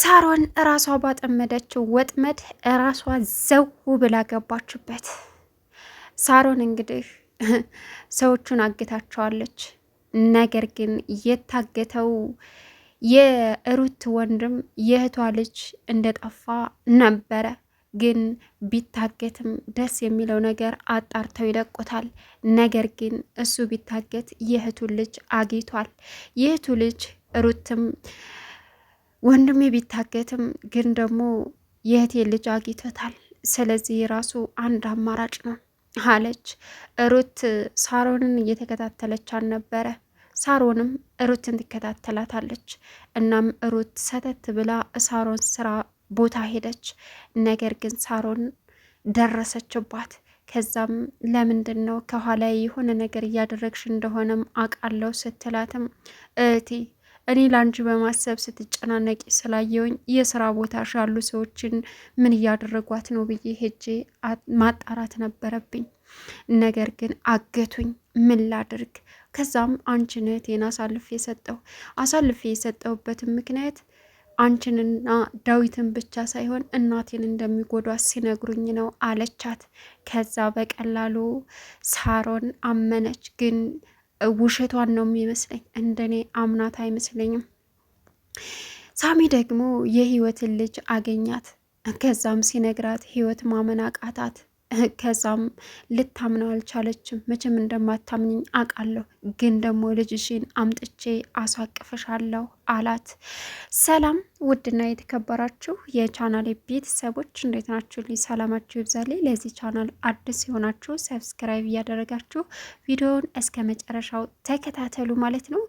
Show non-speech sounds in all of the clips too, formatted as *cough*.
ሳሮን እራሷ ባጠመደችው ወጥመድ እራሷ ዘው ብላ ገባችበት። ሳሮን እንግዲህ ሰዎቹን አግታቸዋለች። ነገር ግን የታገተው የሩት ወንድም የእህቷ ልጅ እንደጠፋ ነበረ። ግን ቢታገትም ደስ የሚለው ነገር አጣርተው ይለቁታል። ነገር ግን እሱ ቢታገት የእህቱ ልጅ አግኝቷል። የእህቱ ልጅ ሩትም ወንድሜ ቢታገትም ግን ደግሞ የእህቴ ልጅ አግኝቶታል። ስለዚህ የራሱ አንድ አማራጭ ነው አለች ሩት። ሳሮንን እየተከታተለች አልነበረ። ሳሮንም ሩትን ትከታተላታለች። እናም ሩት ሰተት ብላ ሳሮን ስራ ቦታ ሄደች። ነገር ግን ሳሮን ደረሰችባት። ከዛም ለምንድን ነው ከኋላ የሆነ ነገር እያደረግሽ እንደሆነም አውቃለሁ ስትላትም እህቴ እኔ ለአንቺ በማሰብ ስትጨናነቂ ስላየውኝ የስራ ቦታሽ ያሉ ሰዎችን ምን እያደረጓት ነው ብዬ ሄጄ ማጣራት ነበረብኝ። ነገር ግን አገቱኝ። ምን ላድርግ? ከዛም አንቺን እህቴን አሳልፌ የሰጠው አሳልፌ የሰጠውበትን ምክንያት አንቺንና ዳዊትን ብቻ ሳይሆን እናቴን እንደሚጎዷት ሲነግሩኝ ነው አለቻት። ከዛ በቀላሉ ሳሮን አመነች ግን ውሸቷን ነው የሚመስለኝ። እንደኔ አምናት አይመስለኝም። ሳሚ ደግሞ የህይወትን ልጅ አገኛት። ከዛም ሲነግራት ህይወት ማመን አቃታት። ከዛም ልታምነው አልቻለችም። መቼም እንደማታምኝኝ አውቃለሁ፣ ግን ደግሞ ልጅሽን አምጥቼ አሳቅፍሻለሁ አላት። ሰላም ውድና የተከበራችሁ የቻናል ቤተሰቦች እንዴት ናችሁ? ልጅ ሰላማችሁ ይብዛልኝ። ለዚህ ቻናል አዲስ የሆናችሁ ሰብስክራይብ እያደረጋችሁ ቪዲዮውን እስከ መጨረሻው ተከታተሉ ማለት ነው።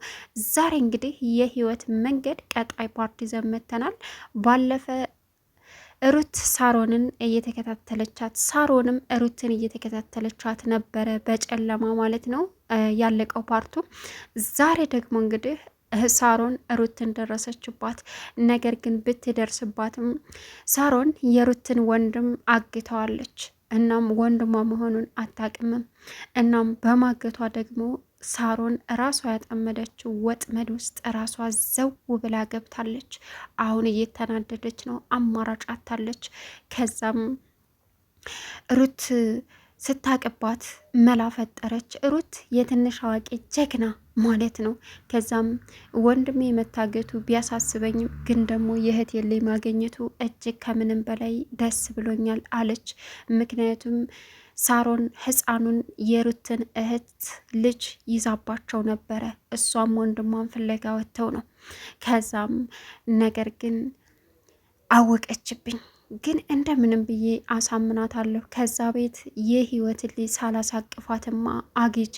ዛሬ እንግዲህ የህይወት መንገድ ቀጣይ ፓርቲ ይዘን መጥተናል። ባለፈ ሩት ሳሮንን እየተከታተለቻት ሳሮንም ሩትን እየተከታተለቻት ነበረ፣ በጨለማ ማለት ነው። ያለቀው ፓርቱ ዛሬ ደግሞ እንግዲህ ሳሮን ሩትን ደረሰችባት። ነገር ግን ብትደርስባትም ሳሮን የሩትን ወንድም አግተዋለች። እናም ወንድሟ መሆኑን አታቅምም። እናም በማገቷ ደግሞ ሳሮን ራሷ ያጠመደችው ወጥመድ ውስጥ ራሷ ዘው ብላ ገብታለች። አሁን እየተናደደች ነው፣ አማራጭ አታለች። ከዛም ሩት ስታቅባት መላ ፈጠረች። ሩት የትንሽ አዋቂ ጀግና ማለት ነው። ከዛም ወንድሜ መታገቱ ቢያሳስበኝም ግን ደግሞ የእህቴን ማገኘቱ እጅግ ከምንም በላይ ደስ ብሎኛል አለች። ምክንያቱም ሳሮን ህፃኑን የሩትን እህት ልጅ ይዛባቸው ነበረ። እሷም ወንድሟን ፍለጋ ወጥተው ነው። ከዛም ነገር ግን አወቀችብኝ ግን እንደምንም ብዬ አሳምናታለሁ። ከዛ ቤት የህይወት ልጅ ሳላሳቅፋትማ አግቼ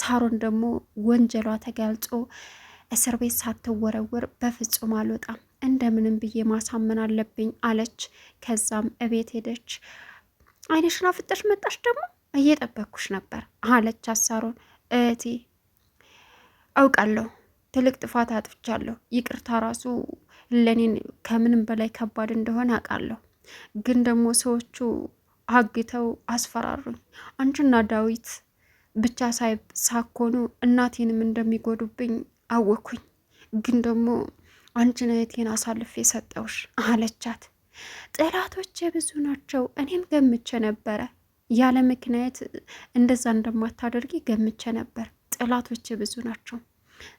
ሳሮን ደግሞ ወንጀሏ ተገልጾ እስር ቤት ሳትወረወር በፍጹም አልወጣም፣ እንደምንም ብዬ ማሳመን አለብኝ አለች። ከዛም እቤት ሄደች። አይነሽን አፍጠሽ መጣሽ ደግሞ እየጠበኩሽ ነበር አለች ሳሮን። እህቴ አውቃለሁ ትልቅ ጥፋት አጥፍቻለሁ። ይቅርታ ራሱ ለኔን ከምንም በላይ ከባድ እንደሆነ አውቃለሁ። ግን ደግሞ ሰዎቹ አግተው አስፈራሩኝ። አንቺና ዳዊት ብቻ ሳይ ሳኮኑ እናቴንም እንደሚጎዱብኝ አወኩኝ። ግን ደግሞ አንቺን እህቴን አሳልፌ ሰጠውሽ አለቻት። ጠላቶች የብዙ ናቸው። እኔም ገምቼ ነበረ ያለ ምክንያት እንደዛ እንደማታደርጊ ገምቼ ነበር። ጠላቶች የብዙ ናቸው።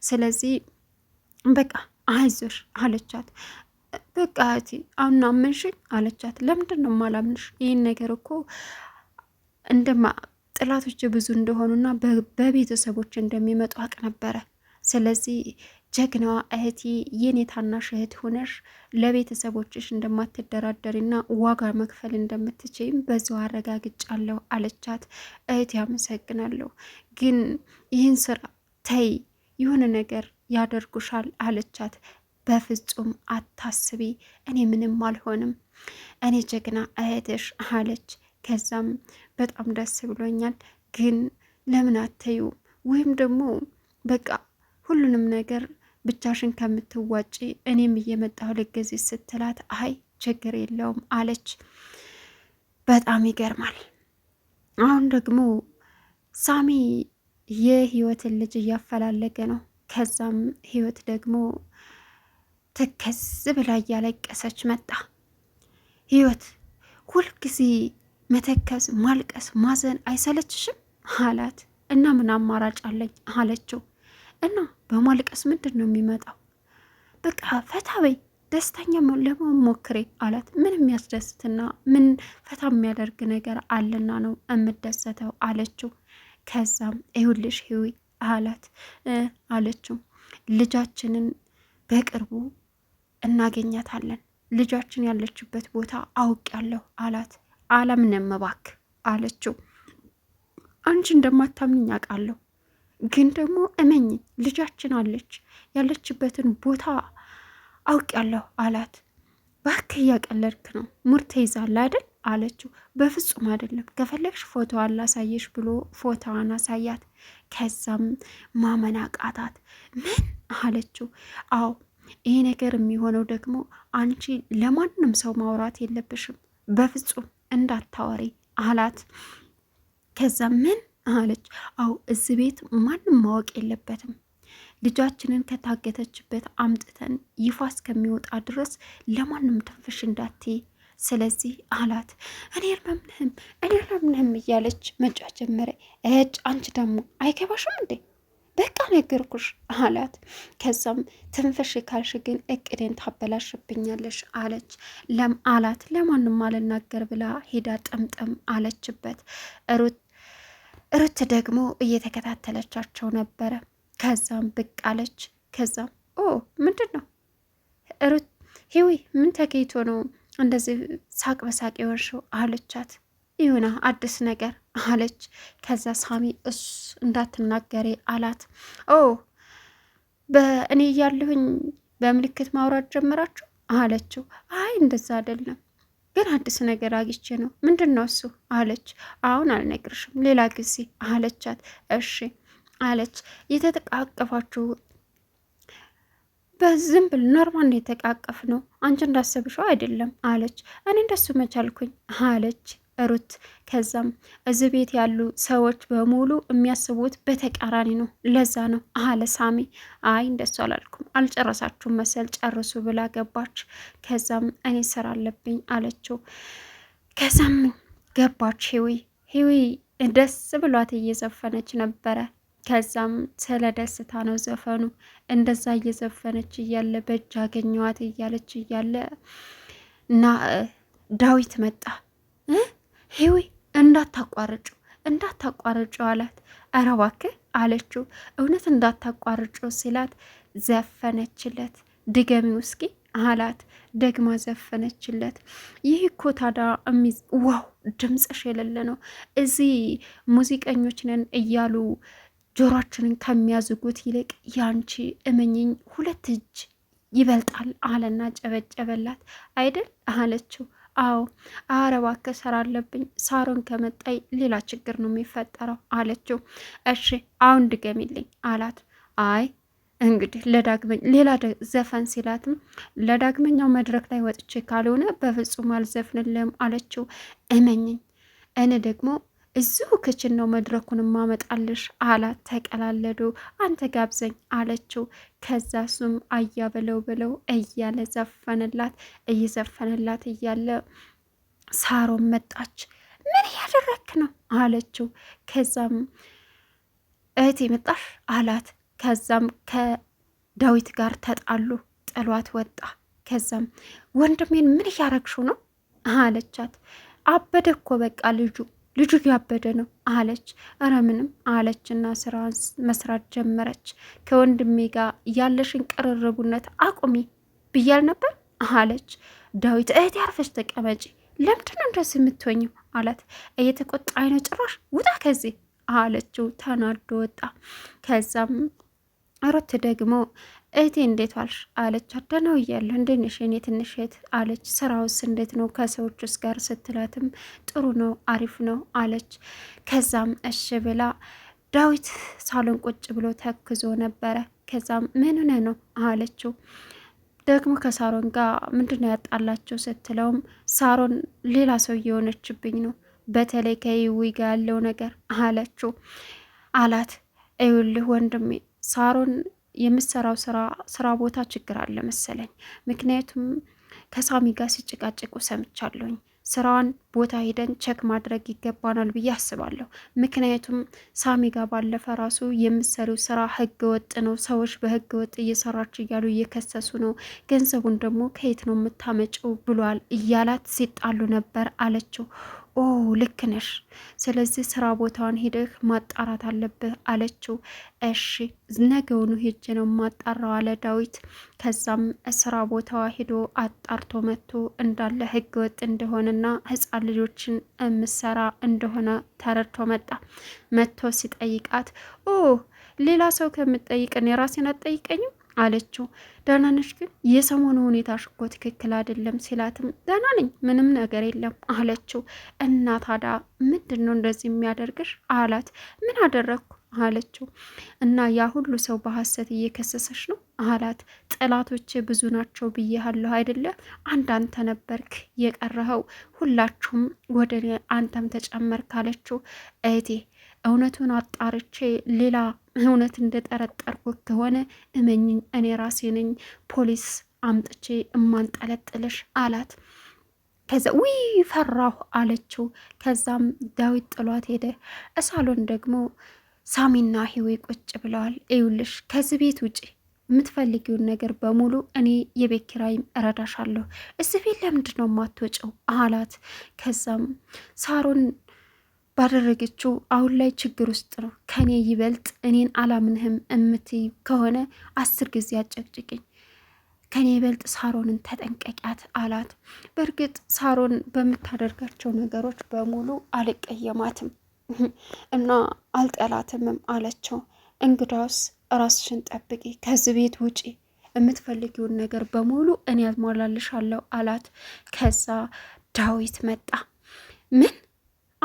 ስለዚህ በቃ አይዞሽ አለቻት። በቃ እህቴ አሁን አመንሽኝ አለቻት። ለምንድን ነው ማላምንሽ? ይህን ነገር እኮ እንደማ ጥላቶች ብዙ እንደሆኑና በቤተሰቦች እንደሚመጡ አቅ ነበረ። ስለዚህ ጀግናዋ እህቴ የኔ ታናሽ እህት ሆነሽ ለቤተሰቦችሽ እንደማትደራደሪና ዋጋ መክፈል እንደምትችይም በዚሁ አረጋግጫለሁ አለቻት። እህቴ አመሰግናለሁ፣ ግን ይህን ስራ ተይ፣ የሆነ ነገር ያደርጉሻል አለቻት። በፍጹም አታስቢ፣ እኔ ምንም አልሆንም፣ እኔ ጀግና እህትሽ አለች። ከዛም በጣም ደስ ብሎኛል፣ ግን ለምን አተዩ ወይም ደግሞ በቃ ሁሉንም ነገር ብቻሽን ከምትዋጪ እኔም እየመጣሁ ልገዝሽ ስትላት አይ ችግር የለውም አለች። በጣም ይገርማል። አሁን ደግሞ ሳሚ የህይወትን ልጅ እያፈላለገ ነው። ከዛም ህይወት ደግሞ ትከዝ ብላ እያለቀሰች መጣ። ህይወት ሁልጊዜ መተከዝ፣ ማልቀስ፣ ማዘን አይሰለችሽም አላት። እና ምን አማራጭ አለኝ አለችው። እና በማልቀስ ምንድን ነው የሚመጣው? በቃ ፈታ በይ ደስተኛ ለመሆን ሞክሬ አላት። ምን የሚያስደስትና ምን ፈታ የሚያደርግ ነገር አለና ነው የምደሰተው አለችው። ከዛም ይሁልሽ ህዊ አላት አለችው ልጃችንን በቅርቡ እናገኛታለን። ልጃችን ያለችበት ቦታ አውቃለሁ አላት። አላምንም እባክህ አለችው። አንቺ እንደማታምኝ አውቃለሁ ግን ደግሞ እመኝ ልጃችን አለች ያለችበትን ቦታ አውቃለሁ አላት። ባክ እያቀለድክ ነው፣ ሙድ ትይዛለህ አይደል አለችው። በፍጹም አይደለም፣ ከፈለግሽ ፎቶ አላሳየሽ ብሎ ፎቶዋን አሳያት። ከዛም ማመን አቃታት። ምን አለችው? አዎ ይሄ ነገር የሚሆነው ደግሞ አንቺ ለማንም ሰው ማውራት የለብሽም በፍጹም እንዳታወሪ አላት። ከዛ ምን አለች። አው እዚህ ቤት ማንም ማወቅ የለበትም። ልጃችንን ከታገተችበት አምጥተን ይፋ እስከሚወጣ ድረስ ለማንም ትንፍሽ እንዳቴ ስለዚህ አላት። እኔ አላምንህም እኔ አላምንህም እያለች መጫ ጀመረ። እጭ አንቺ ደግሞ አይገባሽም እንዴ በቃ ነገርኩሽ አላት። ከዛም ትንፍሽ ካልሽ ግን እቅዴን ታበላሽብኛለሽ አለች። ለም አላት ለማንም አልናገር ብላ ሄዳ ጠምጠም አለችበት ሩት ሩት ደግሞ እየተከታተለቻቸው ነበረ። ከዛም ብቅ አለች። ከዛም ኦ ምንድን ነው ሩት ሂዊ ምን ተገይቶ ነው እንደዚህ ሳቅ በሳቅ የወርሽው አለቻት። ይሁና አዲስ ነገር አለች። ከዛ ሳሚ እሱ እንዳትናገሬ አላት። ኦ በእኔ እያለሁኝ በምልክት ማውራት ጀምራችሁ አለችው። አይ እንደዛ አይደለም ግን አዲስ ነገር አግቼ ነው። ምንድን ነው እሱ አለች። አሁን አልነግርሽም ሌላ ጊዜ አለቻት። እሺ አለች። የተጠቃቀፋችሁ በዝም ብል ኖርማል የተቃቀፍ ነው። አንቺ እንዳሰብሽው አይደለም አለች። እኔ እንደሱ መቻልኩኝ አለች። ሩት። ከዛም እዚህ ቤት ያሉ ሰዎች በሙሉ የሚያስቡት በተቃራኒ ነው፣ ለዛ ነው አለ ሳሚ። አይ እንደሱ አላልኩም፣ አልጨረሳችሁም መሰል ጨርሱ ብላ ገባች። ከዛም እኔ ስራ አለብኝ አለችው። ከዛም ገባች። ሂዊ ሂዊ ደስ ብሏት እየዘፈነች ነበረ። ከዛም ስለ ደስታ ነው ዘፈኑ። እንደዛ እየዘፈነች እያለ በእጅ አገኘዋት እያለች እያለ እና ዳዊት መጣ። ሂዊ እንዳታቋርጩ እንዳታቋርጩ አላት። ኧረ እባክህ አለችው። እውነት እንዳታቋርጩ ሲላት ዘፈነችለት። ድገሚ ውስኪ አላት። ደግማ ዘፈነችለት። ይህ እኮ ታዲያ ዋው ድምፅሽ የሌለ ነው። እዚህ ሙዚቀኞች ነን እያሉ ጆሮችንን ከሚያዝጉት ይልቅ ያንቺ እመኝኝ ሁለት እጅ ይበልጣል አለና ጨበጨበላት። አይደል አለችው። አዎ አረባ ከሰር አለብኝ ሳሮን ከመጣይ ሌላ ችግር ነው የሚፈጠረው አለችው። እሺ አሁን ድገሚልኝ አላት። አይ እንግዲህ ለዳግመኝ ሌላ ዘፈን ሲላትም ለዳግመኛው መድረክ ላይ ወጥቼ ካልሆነ በፍጹም አልዘፍንልም አለችው። እመኝኝ እኔ ደግሞ እዚሁ ክችን ነው መድረኩን ማመጣልሽ አላት። ተቀላለዱ። አንተ ጋብዘኝ አለችው። ከዛ ሱም አያ በለው በለው እያለ ዘፈነላት እየዘፈነላት እያለ ሳሮን መጣች። ምን እያደረክ ነው አለችው። ከዛም እህቴ መጣሽ አላት። ከዛም ከዳዊት ጋር ተጣሉ። ጥሏት ወጣ። ከዛም ወንድሜን ምን እያረግሹ ነው አለቻት። አበደ እኮ በቃ ልጁ ልጁ ያበደ ነው አለች። እረ ምንም አለችና ስራን መስራት ጀመረች። ከወንድሜ ጋር ያለሽን ቅርርቡነት አቁሚ ብያል ነበር አለች። ዳዊት እህት ያርፈች ተቀመጪ፣ ለምንድነው እንደዚህ የምትወኙ አላት። እየተቆጣ አይነ ጭራሽ ውጣ ከዚህ አለችው። ተናዶ ወጣ። ከዛም ሩት ደግሞ እህቴ እንዴት ዋልሽ አለች። አደናው እያለሁ እንዴት ነሽ የኔ ትንሽ እህት አለች። ስራውስ እንዴት ነው ከሰዎች ውስጥ ጋር ስትላትም ጥሩ ነው አሪፍ ነው አለች። ከዛም እሽ ብላ ዳዊት ሳሎን ቁጭ ብሎ ተክዞ ነበረ። ከዛም ምን ሆነ ነው አለችው። ደግሞ ከሳሮን ጋር ምንድን ነው ያጣላቸው ስትለውም ሳሮን ሌላ ሰው እየሆነችብኝ ነው በተለይ ከይዊ ጋ ያለው ነገር አለችው አላት። ይኸውልህ ወንድሜ ሳሮን የምሰራው ስራ ስራ ቦታ ችግር አለ መሰለኝ። ምክንያቱም ከሳሚ ጋር ሲጭቃጭቁ ሰምቻለሁኝ። ስራዋን ቦታ ሄደን ቸክ ማድረግ ይገባናል ብዬ አስባለሁ። ምክንያቱም ሳሚ ጋር ባለፈ ራሱ የምሰሪው ስራ ህገ ወጥ ነው፣ ሰዎች በህገ ወጥ እየሰራች እያሉ እየከሰሱ ነው፣ ገንዘቡን ደግሞ ከየት ነው የምታመጭው ብሏል እያላት ሲጣሉ ነበር አለችው። ኦ ልክ ነሽ፣ ስለዚህ ስራ ቦታውን ሄደህ ማጣራት አለብህ አለችው። እሺ ነገውኑ ሄጄ ነው ማጣራው አለ ዳዊት። ከዛም ስራ ቦታዋ ሄዶ አጣርቶ መጥቶ እንዳለ ህገ ወጥ እንደሆነና ህፃን ልጆችን የምሰራ እንደሆነ ተረድቶ መጣ። መጥቶ ሲጠይቃት ኦ ሌላ ሰው ከምጠይቅን የራሴን አጠይቀኝም አለችው። ደህና ነሽ? ግን የሰሞኑ ሁኔታሽ እኮ ትክክል አይደለም ሲላትም ደህና ነኝ፣ ምንም ነገር የለም አለችው። እና ታዲያ ምንድን ነው እንደዚህ የሚያደርግሽ አላት። ምን አደረግኩ አለችው። እና ያ ሁሉ ሰው በሐሰት እየከሰሰሽ ነው አላት። ጠላቶች ብዙ ናቸው ብዬሃለሁ አይደለ? አንድ አንተ ነበርክ የቀረኸው፣ ሁላችሁም ወደ አንተም ተጨመርክ አለችው። እህቴ እውነቱን አጣርቼ ሌላ እውነት እንደጠረጠርኩት ከሆነ እመኝኝ፣ እኔ ራሴ ነኝ ፖሊስ አምጥቼ እማንጠለጥልሽ አላት። ከዛ ውይ ፈራሁ አለችው። ከዛም ዳዊት ጥሏት ሄደ። እሳሎን ደግሞ ሳሚና ህዌ ቁጭ ብለዋል። እዩልሽ ከዚህ ቤት ውጪ የምትፈልጊውን ነገር በሙሉ እኔ የቤት ኪራይም እረዳሻለሁ። እዚህ ቤት ለምንድን ነው የማትወጪው? አላት። ከዛም ሳሮን ባደረገችው አሁን ላይ ችግር ውስጥ ነው። ከኔ ይበልጥ እኔን አላምንህም እምትይ ከሆነ አስር ጊዜ አጨቅጭቅኝ። ከኔ ይበልጥ ሳሮንን ተጠንቀቂያት አላት። በእርግጥ ሳሮን በምታደርጋቸው ነገሮች በሙሉ አልቀየማትም *laughs* እና አልጠላትምም አለችው። እንግዳውስ ራስሽን ጠብቂ፣ ከዚህ ቤት ውጪ፣ የምትፈልጊውን ነገር በሙሉ እኔ ያሟላልሻለሁ አላት። ከዛ ዳዊት መጣ። ምን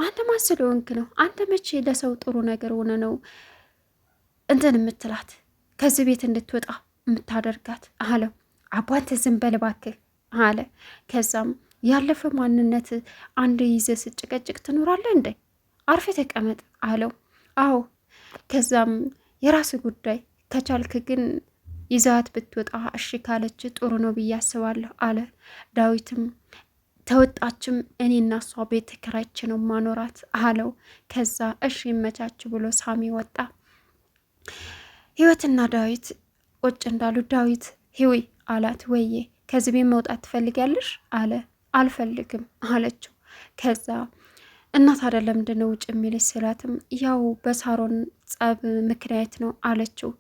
አንተ ማን ስለሆንክ ነው? አንተ መቼ ለሰው ጥሩ ነገር ሆነ ነው እንትን የምትላት ከዚህ ቤት እንድትወጣ የምታደርጋት አለው። አቧንተ ዝም በል እባክህ አለ። ከዛም ያለፈ ማንነት አንድ ይዘ ስጭቀጭቅ ትኖራለህ እንዴ? አርፈ ተቀመጥ አለው። አዎ ከዛም የራስ ጉዳይ ከቻልክ ግን ይዛት ብትወጣ እሺ ካለች ጥሩ ነው ብዬ አስባለሁ አለ። ዳዊትም ተወጣችም እኔና እሷ ቤት ተከራይቼ ነው ማኖራት አለው። ከዛ እሺ ይመቻች ብሎ ሳሚ ወጣ። ህይወትና ዳዊት ቁጭ እንዳሉ ዳዊት ህዊ አላት። ወዬ ከዚህ ቤት መውጣት ትፈልጊያለሽ አለ። አልፈልግም አለችው። ከዛ እናት አደለም ምንድነው ውጭ የሚልሽ ስላትም ያው በሳሮን ጸብ ምክንያት ነው አለችው።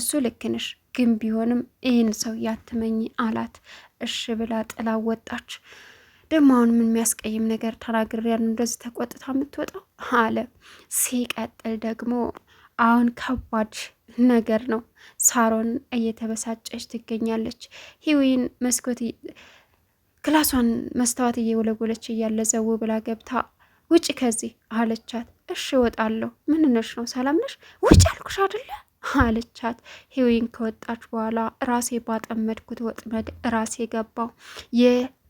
እሱ ልክ ነሽ፣ ግን ቢሆንም ይህን ሰው ያትመኝ አላት። እሺ ብላ ጥላ ወጣች። ደግሞ አሁን ምን የሚያስቀይም ነገር ተናግሬ ያለው እንደዚህ ተቆጥታ የምትወጣው አለ። ሲቀጥል ደግሞ አሁን ከባድ ነገር ነው። ሳሮን እየተበሳጨች ትገኛለች። ሂዊን መስኮት ክላሷን መስታወት እየወለጎለች እያለ ዘው ብላ ገብታ ውጭ ከዚህ አለቻት። እሺ እወጣለሁ። ምን ነሽ ነው? ሰላም ነሽ? ውጭ አልኩሽ አይደለ አለቻት። ሂዊን ከወጣች በኋላ ራሴ ባጠመድኩት ወጥመድ ራሴ ገባው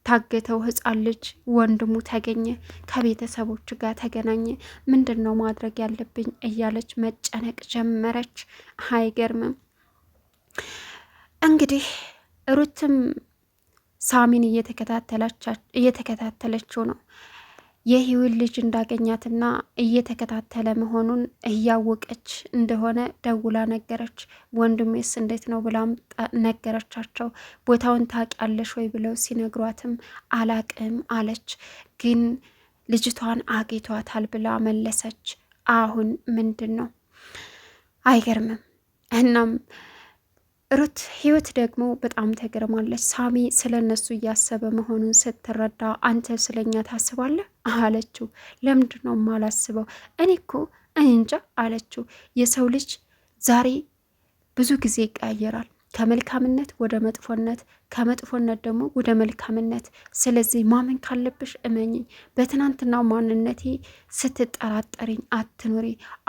ታገተው ህፃን ልጅ ወንድሙ ተገኘ፣ ከቤተሰቦች ጋር ተገናኘ። ምንድን ነው ማድረግ ያለብኝ እያለች መጨነቅ ጀመረች። አይገርምም እንግዲህ ሩትም ሳሚን እየተከታተለችው ነው። የህይወት ልጅ እንዳገኛትና እየተከታተለ መሆኑን እያወቀች እንደሆነ ደውላ ነገረች። ወንድሜስ እንዴት ነው ብላም ነገረቻቸው። ቦታውን ታውቂያለሽ ወይ ብለው ሲነግሯትም አላቅም አለች። ግን ልጅቷን አግኝቷታል ብላ መለሰች። አሁን ምንድን ነው አይገርምም። እናም ሩት ህይወት ደግሞ በጣም ተገርማለች። ሳሚ ስለ እነሱ እያሰበ መሆኑን ስትረዳ አንተ ስለኛ ታስባለህ አለችው። ለምንድን ነው የማላስበው? እኔ እኮ እንጃ አለችው። የሰው ልጅ ዛሬ ብዙ ጊዜ ይቀያየራል ከመልካምነት ወደ መጥፎነት፣ ከመጥፎነት ደግሞ ወደ መልካምነት። ስለዚህ ማመን ካለብሽ እመኝኝ። በትናንትናው ማንነቴ ስትጠራጠሪኝ አትኑሪ።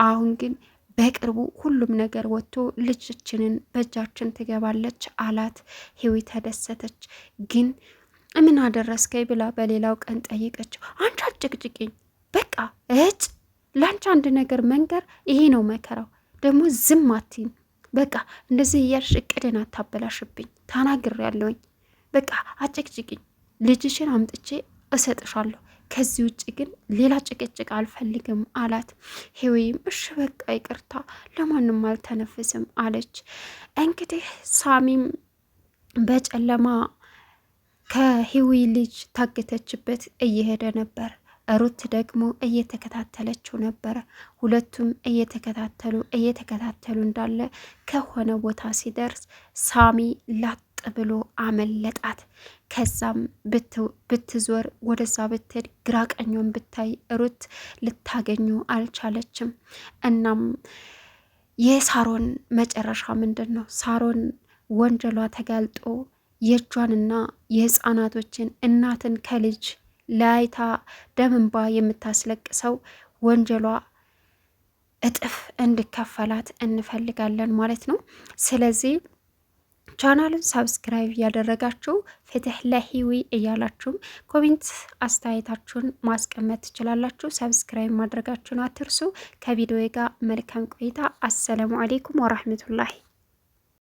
አሁን ግን በቅርቡ ሁሉም ነገር ወጥቶ ልጃችንን በእጃችን ትገባለች አላት። ሄዊ ተደሰተች። ግን ምን አደረስከኝ ብላ በሌላው ቀን ጠይቀችው። አንቺ አጭቅጭቅኝ በቃ እጭ ለአንቺ አንድ ነገር መንገር ይሄ ነው መከራው። ደግሞ ዝም አትይም። በቃ እንደዚህ እያልሽ እቅድን አታበላሽብኝ። ተናግሬያለሁኝ። በቃ አጭቅጭቅኝ። ልጅሽን አምጥቼ እሰጥሻለሁ ከዚህ ውጭ ግን ሌላ ጭቅጭቅ አልፈልግም አላት። ሄወይም እሽ በቃ ይቅርታ፣ ለማንም አልተነፍስም አለች። እንግዲህ ሳሚም በጨለማ ከሂዊ ልጅ ታገተችበት እየሄደ ነበር። ሩት ደግሞ እየተከታተለችው ነበረ። ሁለቱም እየተከታተሉ እየተከታተሉ እንዳለ ከሆነ ቦታ ሲደርስ ሳሚ ላጥ ብሎ አመለጣት። ከዛም ብትዞር ወደዛ ብትሄድ ግራ ብታይ ሩት ልታገኙ አልቻለችም። እናም የሳሮን መጨረሻ ምንድን ነው? ሳሮን ወንጀሏ ተጋልጦ የእጇንና የህፃናቶችን እናትን ከልጅ ለአይታ ደምንባ የምታስለቅሰው ወንጀሏ እጥፍ እንዲከፈላት እንፈልጋለን ማለት ነው። ስለዚህ ቻናሉን ሳብስክራይብ እያደረጋችሁ ፍትህ ለሂዊ እያላችሁም ኮሜንት አስተያየታችሁን ማስቀመጥ ትችላላችሁ። ሰብስክራይብ ማድረጋችሁን አትርሱ። ከቪዲዮ ጋር መልካም ቆይታ። አሰላሙ አሌይኩም ወራህመቱላሂ